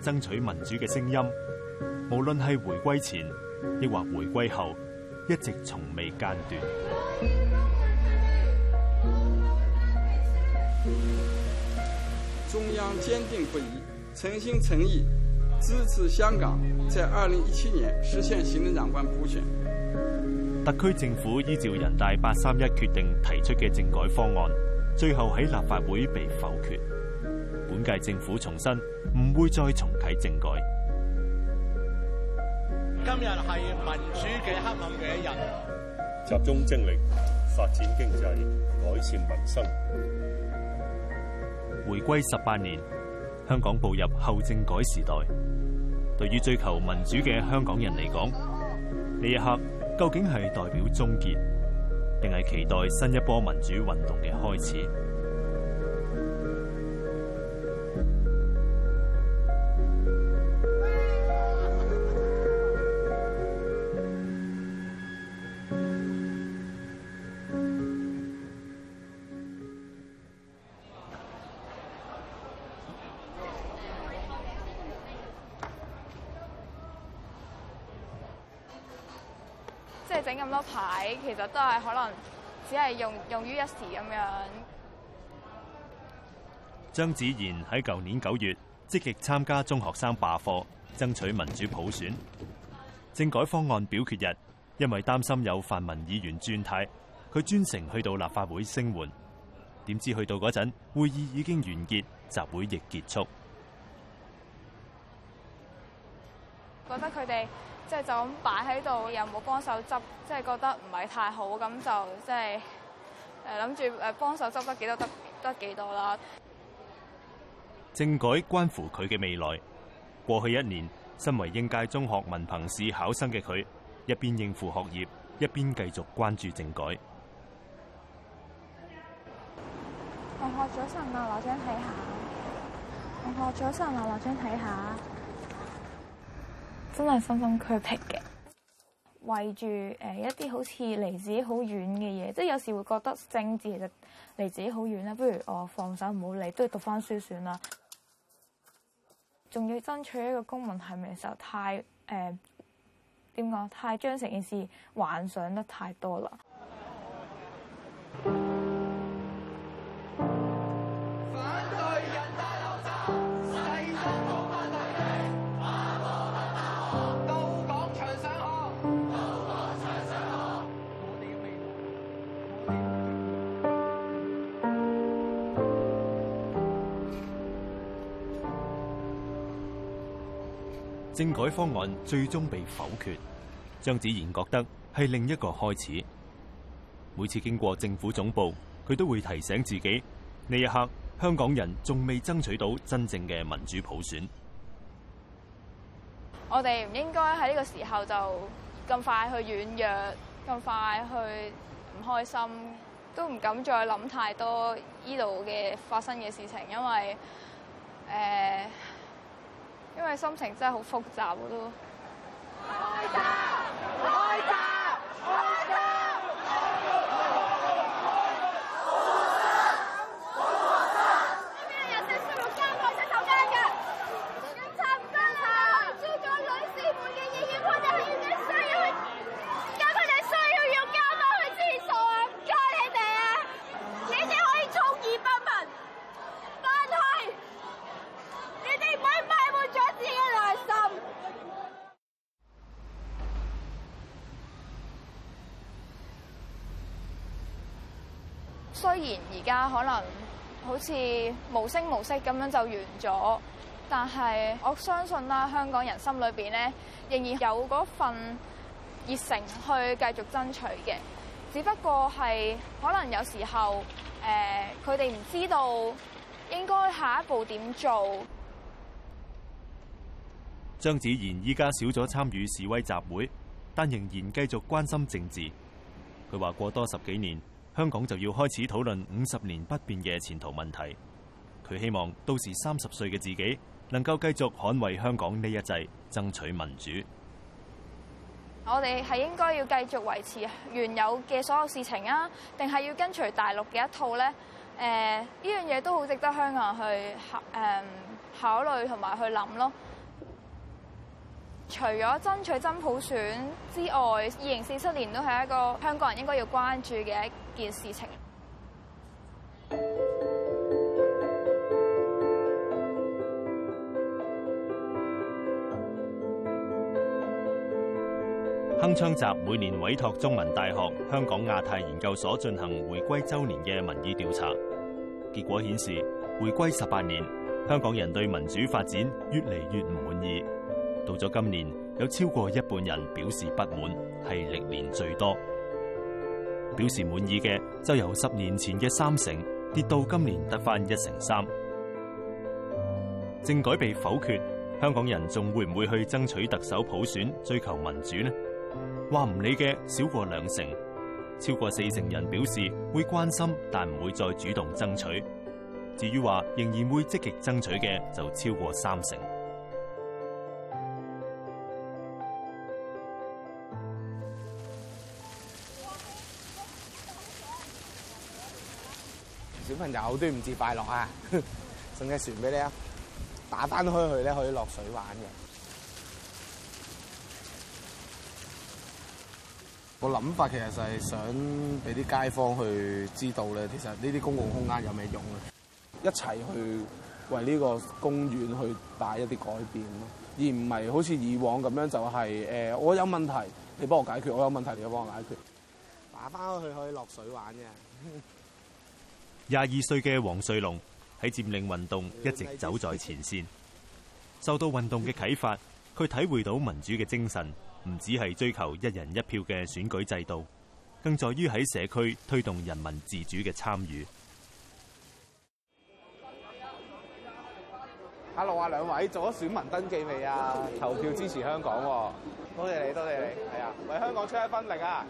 爭取民主嘅聲音，無論係回歸前抑或回歸後，一直從未間斷。中央堅定不移、誠心誠意支持香港在二零一七年實現行政長官普選。特區政府依照人大八三一決定提出嘅政改方案，最後喺立法會被否決。本屆政府重申，唔會再重啟政改。今日係民主嘅黑暗嘅一日。集中精力發展經濟，改善民生。回歸十八年，香港步入後政改時代。對於追求民主嘅香港人嚟講，呢一刻究竟係代表終結，定係期待新一波民主運動嘅開始？即係係整咁多牌，其實都係可能只係用用於一時咁樣。張子賢喺舊年九月積極參加中學生罷課，爭取民主普選。政改方案表決日。因為擔心有泛民議員轉態，佢專程去到立法會聲援。點知去到嗰陣，會議已經完結，集會亦結束。即係就咁擺喺度，有冇幫手執？即係覺得唔係太好，咁就即係誒諗住誒幫手執得幾多得得幾多啦。政改關乎佢嘅未來。過去一年，身為應屆中學文憑試考生嘅佢，一邊應付學業，一邊繼續關注政改。同學早晨啊，攞張睇下。同學早晨啊，攞張睇下。真係分分區別嘅，圍住誒一啲好似離自己好遠嘅嘢，即係有時會覺得政治其實離自己好遠啦。不如我放手唔好理，都要讀翻書算啦。仲要爭取一個公民提名嘅時候，太誒點講？太將成件事幻想得太多啦。政改方案最終被否決，張子賢覺得係另一個開始。每次經過政府總部，佢都會提醒自己，呢一刻香港人仲未爭取到真正嘅民主普選。我哋唔應該喺呢個時候就咁快去軟弱，咁快去唔開心，都唔敢再諗太多呢度嘅發生嘅事情，因為誒。呃因為心情真係好複雜，啊，我都。開閘！開閘！開而家可能好似無聲無息咁樣就完咗，但係我相信啦，香港人心裏邊咧仍然有嗰份熱誠去繼續爭取嘅，只不過係可能有時候誒，佢哋唔知道應該下一步點做。張子賢依家少咗參與示威集會，但仍然繼續關心政治。佢話過多十幾年。香港就要開始討論五十年不變嘅前途問題，佢希望到時三十歲嘅自己能夠繼續捍衛香港呢一制，爭取民主。我哋係應該要繼續維持原有嘅所有事情啊，定係要跟隨大陸嘅一套咧？誒，呢樣嘢都好值得香港人去考誒考慮同埋去諗咯。除咗爭取真普選之外，二零四七年都係一個香港人應該要關注嘅一件事情。鏗鏘集每年委託中文大學香港亞太研究所進行回歸周年嘅民意調查，結果顯示，回歸十八年，香港人對民主發展越嚟越唔滿意。到咗今年，有超過一半人表示不滿，係歷年最多。表示滿意嘅就由十年前嘅三成跌到今年得返一成三。政改被否決，香港人仲會唔會去爭取特首普選、追求民主呢？話唔理嘅少過兩成，超過四成人表示會關心，但唔會再主動爭取。至於話仍然會積極爭取嘅，就超過三成。小朋友都唔知快樂啊！ 送隻船俾你啊，打翻開去，咧可以落水玩嘅。我諗法其實就係想俾啲街坊去知道咧，其實呢啲公共空間有咩用嘅，一齊去為呢個公園去帶一啲改變咯，而唔係好似以往咁樣就係、呃、我有問題你幫我解決，我有問題你幫我解決。打翻開去，可以落水玩嘅。 廿二歲嘅黃瑞龍喺佔領運動一直走在前線，受到運動嘅啟發，佢體會到民主嘅精神唔只係追求一人一票嘅選舉制度，更在於喺社區推動人民自主嘅參與。Hello 啊，兩位做咗選民登記未啊？投票支持香港，哦，多謝你，多謝你，係啊，為香港出一分力啊！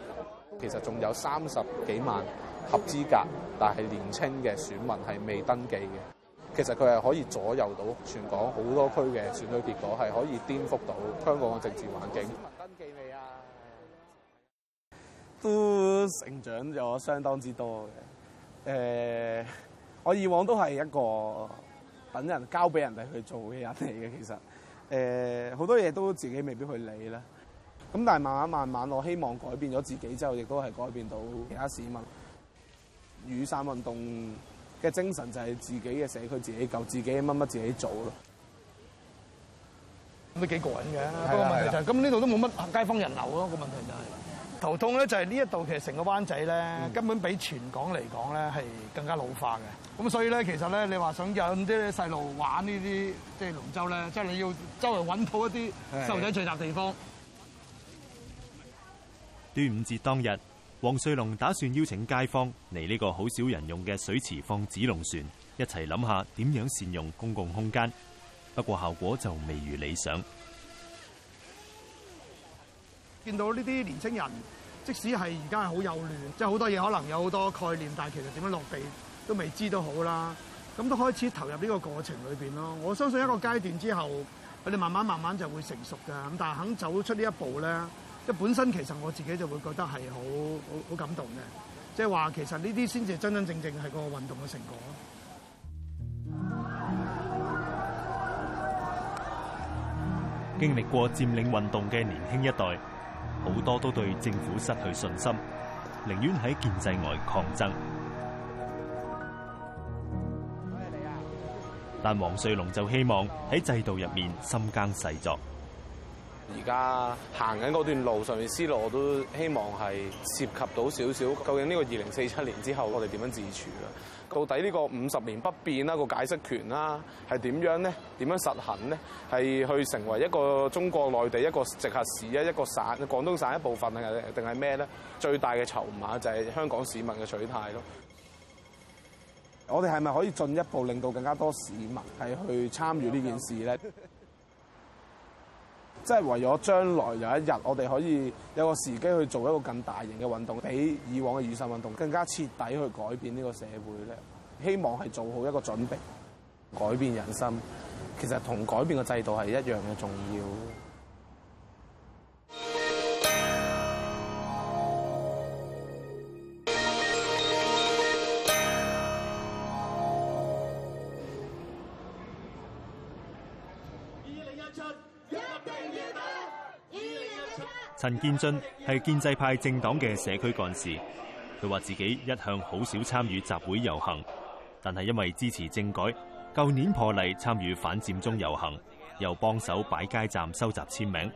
其實仲有三十幾萬合資格，但係年青嘅選民係未登記嘅。其實佢係可以左右到全港好多區嘅選舉結果，係可以顛覆到香港嘅政治環境。登記未啊？都成長咗相當之多嘅。誒、呃，我以往都係一個。等人交俾人哋去做嘅人嚟嘅，其實誒好、呃、多嘢都自己未必去理啦。咁但係慢慢慢慢，慢慢我希望改變咗自己之後，亦都係改變到其他市民。雨傘運動嘅精神就係自己嘅社區自己救，自己乜乜自己做咯。咁都幾過癮嘅、就係。係、係不過問題就係、係，咁呢度都冇乜街坊人流咯。個問題就係。頭痛咧，就係呢一度其實成個灣仔咧，根本比全港嚟講咧係更加老化嘅。咁所以咧，其實咧，你話想引啲細路玩呢啲即係龍舟咧，即係你要周圍揾到一啲細路仔聚集地方的。端午節當日，黃瑞龍打算邀請街坊嚟呢個好少人用嘅水池放紙龍船，一齊諗下點樣善用公共空間。不過效果就未如理想。見到呢啲年青人，即使係而家係好幼嫩，即係好多嘢可能有好多概念，但係其實點樣落地都未知都好啦。咁都開始投入呢個過程裏面咯。我相信一個階段之後，佢哋慢慢慢慢就會成熟嘅。咁但係肯走出呢一步咧，即係本身其實我自己就會覺得係好好好感動嘅。即係話其實呢啲先至真真正正係個運動嘅成果。經歷過佔領運動嘅年輕一代。好多都對政府失去信心，寧願喺建制外抗爭。但黃瑞龍就希望喺制度入面深耕細作。而家行緊嗰段路上面思路，我都希望係涉及到少少。究竟呢個二零四七年之後我哋點樣自處啊，到底呢個五十年不變啦，個解釋權啦，係點樣咧？點樣實行咧？係去成為一個中國內地一個直轄市啊，一個省廣東省一部分啊，定係咩咧？最大嘅籌碼就係香港市民嘅取態咯。我哋係咪可以進一步令到更加多市民係去參與呢件事咧？ 即係為咗將來有一日，我哋可以有個時機去做一個更大型嘅運動，比以往嘅雨傘運動更加徹底去改變呢個社會咧。希望係做好一個準備，改變人心，其實同改變嘅制度係一樣嘅重要。陳建進係建制派政黨嘅社區幹事，佢話自己一向好少參與集會遊行，但係因為支持政改，舊年破例參與反佔中遊行，又幫手擺街站收集簽名。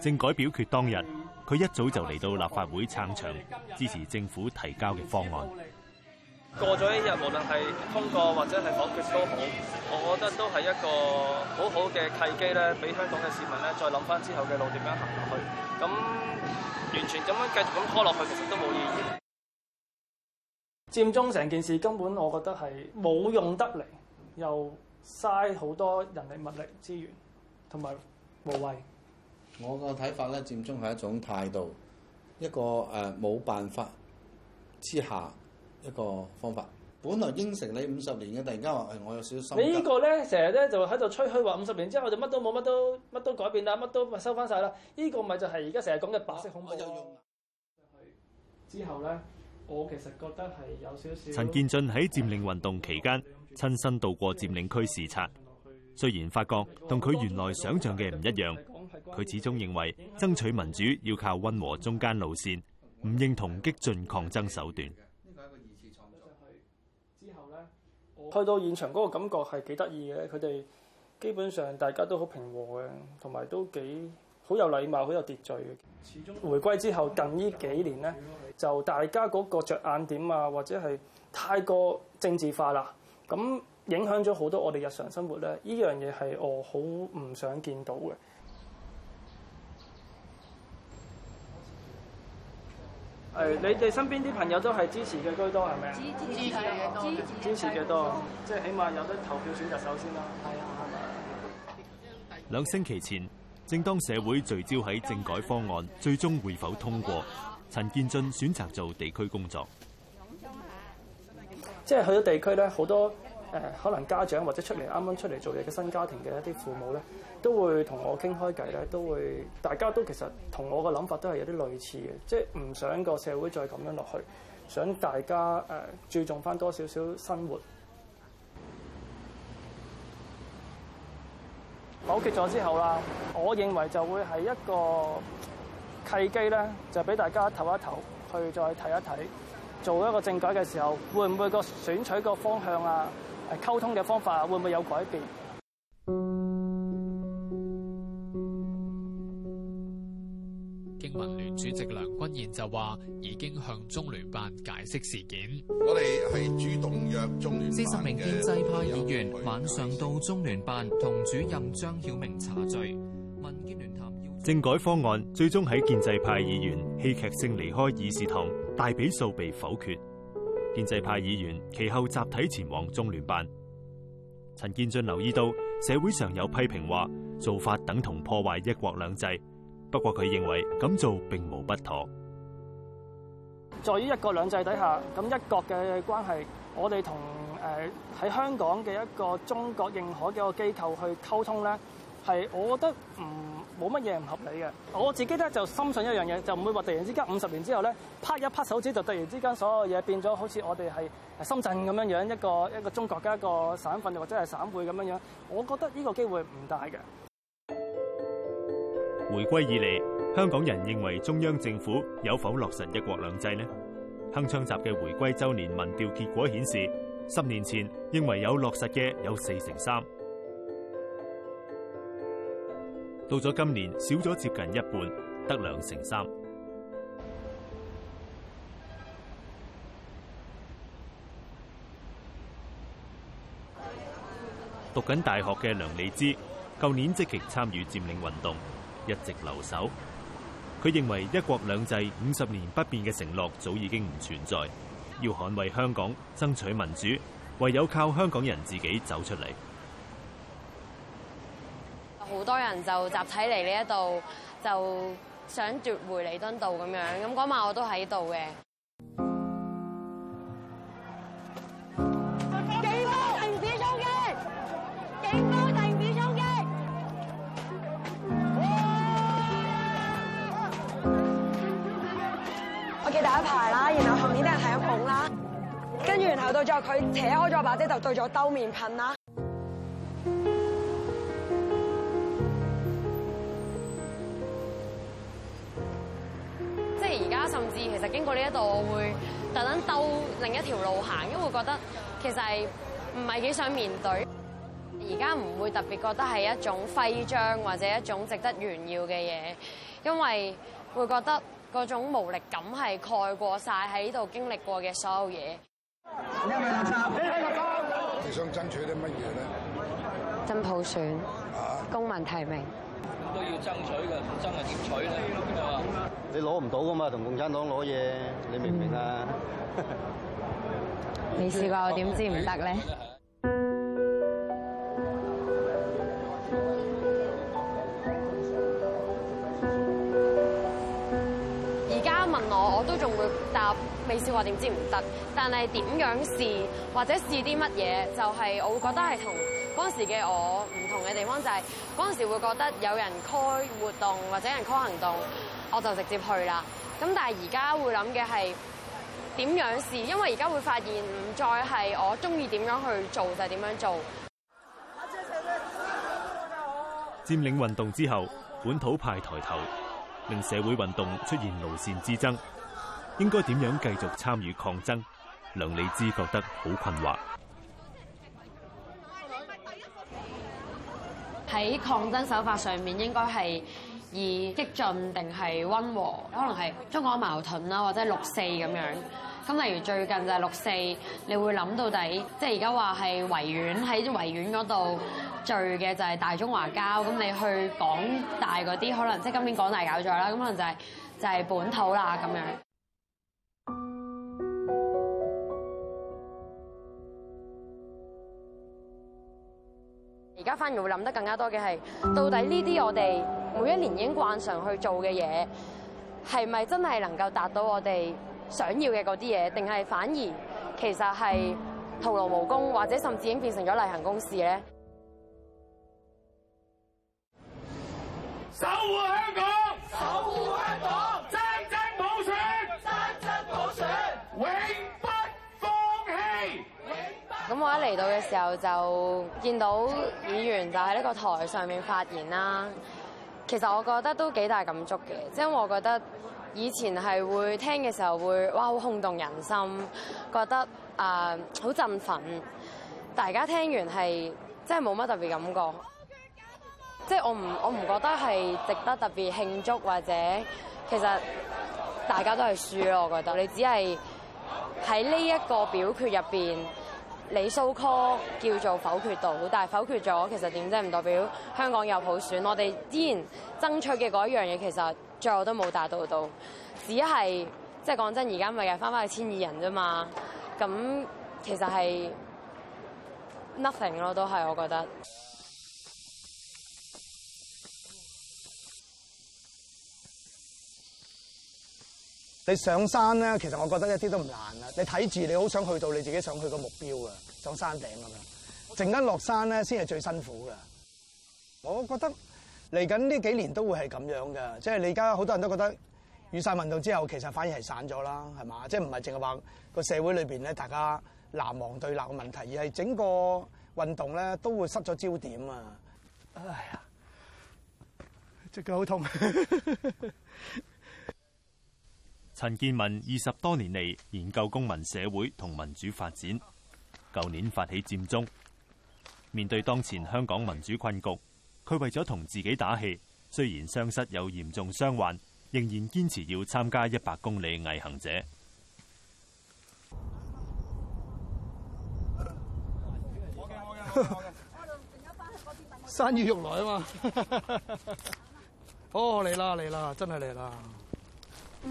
政改表決當日，佢一早就嚟到立法會撐場，支持政府提交嘅方案。過咗一日，無論係通過或者係否決都好。我覺得都係一個很好好嘅契機咧，俾香港嘅市民咧再諗返之後嘅路點樣行落去。咁、嗯、完全咁樣繼續咁拖落去，其實都冇意義。佔中成件事根本我覺得係冇用得嚟，又嘥好多人力物力資源，同埋無謂。我個睇法咧，佔中係一種態度，一個誒冇、呃、辦法之下一個方法。本來應承你五十年嘅，突然間話我有少少心急。你呢個咧，成日咧就喺度吹噓話五十年之後我就乜都冇，乜都乜都改變啦，乜都收翻晒啦。呢個咪就係而家成日講嘅白色恐怖。啊，有用啊？之後咧，我其實覺得係有少少。陳建俊喺佔領運動期間親身到過佔領區視察，雖然發覺同佢原來想像嘅唔一樣，佢始終認為爭取民主要靠溫和中間路線，唔認同激進抗爭手段。去到現場嗰個感覺係幾得意嘅，佢哋基本上大家都好平和嘅，同埋都幾好有禮貌、好有秩序嘅。始終回歸之後近呢幾年咧，就大家嗰個着眼點啊，或者係太過政治化啦，咁影響咗好多我哋日常生活咧。呢樣嘢係我好唔想見到嘅。你哋身邊啲朋友都係支持嘅居多，係咪？支持嘅多，支持嘅多，即係起碼有得投票選擇首先啦。係啊，兩星期前，正當社會聚焦喺政改方案最終會否通過，陳建俊選擇做地區工作。即係去咗地區咧，好多。誒、呃、可能家長或者出嚟啱啱出嚟做嘢嘅新家庭嘅一啲父母咧，都會同我傾開偈。咧，都會大家都其實同我個諗法都係有啲類似嘅，即係唔想個社會再咁樣落去，想大家、呃、注重翻多少少生活。否決咗之後啦，我認為就會係一個契機咧，就俾大家唞一唞，去再睇一睇做一個政改嘅時候，會唔會個選取個方向啊？溝通嘅方法會唔會有改變？經民聯主席梁君彥就話：已經向中聯辦解釋事件。我哋係主動約中聯辦嘅。四十名建制派議員晚上到中聯辦同主任張曉明茶聚。民建聯譚耀宗。政改方案最終喺建制派議員戲劇性離開議事堂，大比數被否決。建制派議員其後集體前往中聯辦，陳建俊留意到社會上有批評話做法等同破壞一國兩制，不過佢認為咁做並無不妥。在於一國兩制底下，咁一國嘅關係，我哋同誒喺香港嘅一個中國認可嘅一個機構去溝通呢，係我覺得唔。冇乜嘢唔合理嘅，我自己咧就深信一樣嘢，就唔會話突然之間五十年之後咧，拍一拍手指就突然之間所有嘢變咗，好似我哋係深圳咁樣樣一個一個中國嘅一個省份或者係省會咁樣樣，我覺得呢個機會唔大嘅。回歸以嚟，香港人認為中央政府有否落實一國兩制呢？鏗鏘集嘅回歸周年民調結果顯示，十年前認為有落實嘅有四成三。到咗今年少咗接近一半，得兩成三。讀緊大學嘅梁利之，舊年積極參與佔領運動，一直留守。佢認為一國兩制五十年不變嘅承諾，早已經唔存在。要捍衛香港、爭取民主，唯有靠香港人自己走出嚟。好多人就集體嚟呢一度，就想奪回彌敦道咁樣。咁、那、嗰、個、晚我都喺度嘅。警方停止衝擊！警方停止衝擊！我記第一排啦，然後後面都人睇一拱啦。跟住然後到咗，佢扯開咗把遮，就對咗兜面噴啦。其實經過呢一度，我會特登兜另一條路行，因為覺得其實係唔係幾想面對。而家唔會特別覺得係一種徽章或者一種值得炫耀嘅嘢，因為會覺得嗰種無力感係蓋過晒喺度經歷過嘅所有嘢。你想爭取啲乜嘢咧？真普選，公民提名。都要爭取嘅，唔爭又點取咧？你攞唔到噶嘛，同共產黨攞嘢，你明唔明啊？未、嗯、 試過我點知唔得咧？而家問我，我都仲會答，未試過點知唔得？但係點樣試，或者試啲乜嘢，就係、是、我會覺得係同嗰時嘅我唔同嘅地方就係嗰陣時會覺得有人開活動或者人開行動，我就直接去啦。咁但係而家會諗嘅係點樣試？因為而家會發現唔再係我中意點樣去做就係點樣做。佔領運動之後，本土派抬頭，令社會運動出現路線之爭。應該點樣繼續參與抗爭？梁利之覺得好困惑。喺抗爭手法上面，應該係以激進定係溫和？可能係中港矛盾啦，或者六四咁樣。咁例如最近就係六四，你會諗到底即係而家話係維園，喺維園嗰度聚嘅就係大中華膠。咁你去港大嗰啲，可能即係今年港大搞咗啦，咁可能就係就係本土啦咁樣。而家反而會諗得更加多嘅，係到底呢啲我哋每一年已經慣常去做嘅嘢，係咪真係能夠達到我哋想要嘅啲嘢，定係反而其實係徒勞無功，或者甚至已經變成咗例行公事咧？守護，啊、香港。我嚟到嘅時候就見到議員就喺呢個台上面發言啦。其實我覺得都幾大感觸嘅，即係我覺得以前係會聽嘅時候會哇好轟動人心，覺得啊好振奮。大家聽完係真係冇乜特別感覺，即係我唔我唔覺得係值得特別慶祝或者其實大家都係輸咯。我覺得你只係喺呢一個表決入邊。你數 call 叫做否決到，但係否決咗其實點啫？唔代表香港有普選。我哋之然爭取嘅嗰一樣嘢，其實再都冇達到到，只係即係講真，而家咪又翻翻去千二人啫嘛。咁其實係 nothing 咯，都係我覺得。你上山咧，其實我覺得一啲都唔難啊！你睇住，你好想去到你自己想去嘅目標啊，上山頂咁樣。陣間落山咧，先係最辛苦㗎。我覺得嚟緊呢幾年都會係咁樣㗎，即係你而家好多人都覺得雨傘運動之後，其實反而係散咗啦，係嘛？即係唔係淨係話個社會裏邊咧，大家難忘對立嘅問題，而係整個運動咧都會失咗焦點啊！哎呀，隻腳好很痛。 陳建文二十多年嚟研究公民社會同民主發展，舊年發起佔中，面對當前香港民主困局，佢為咗同自己打氣，雖然傷失有嚴重傷患，仍然堅持要參加一百公里毅行者。山雨欲來啊嘛！哦、 oh，嚟啦嚟啦，真係嚟啦！崔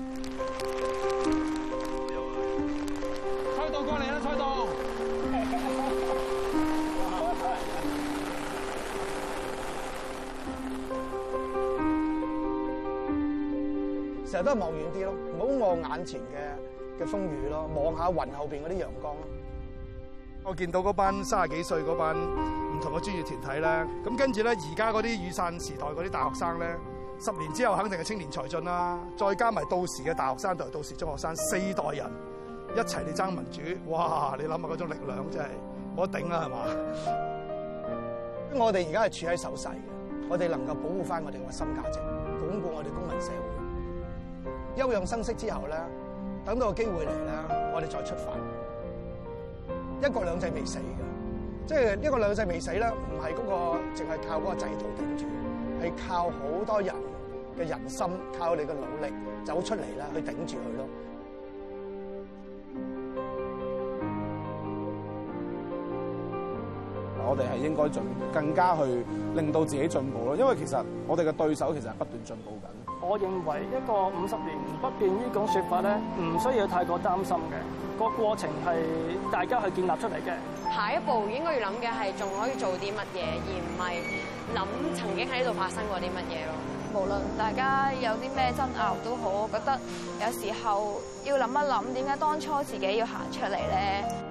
導過嚟啦，崔導，成日 都望遠啲咯，唔好望眼前嘅嘅風雨咯，望下雲後邊嗰啲陽光咯。我見到嗰班卅幾歲嗰班唔同嘅專業團體咧，咁跟住咧而家嗰啲雨傘時代嗰啲大學生咧。十年之後肯定係青年才俊啦，再加埋到時嘅大學生同埋到時中學生，四代人一齊嚟爭民主，哇！你諗下嗰種力量真係冇得頂啦，係嘛？我哋而家係處喺守勢嘅，我哋能夠保護翻我哋個心價值，鞏固我哋公民社會。休養生息之後咧，等到個機會嚟咧，我哋再出發。一國兩制未死嘅，即係一國兩制未死啦，唔係嗰個淨係靠嗰個制度頂住，係靠好多人。嘅人心靠你嘅努力走出嚟啦，去頂住佢咯。我哋係應該盡更加去令到自己進步咯，因為其實我哋嘅對手其實係不斷進步緊。我認為一個五十年不變呢種說法咧，唔需要太過擔心，嘅個過程係大家去建立出嚟嘅。下一步應該要諗嘅係仲可以做啲乜嘢，而唔係諗曾經喺度發生過啲乜嘢咯。無論大家有啲咩爭拗都好，我覺得有時候要諗一諗，點解當初自己要行出嚟咧？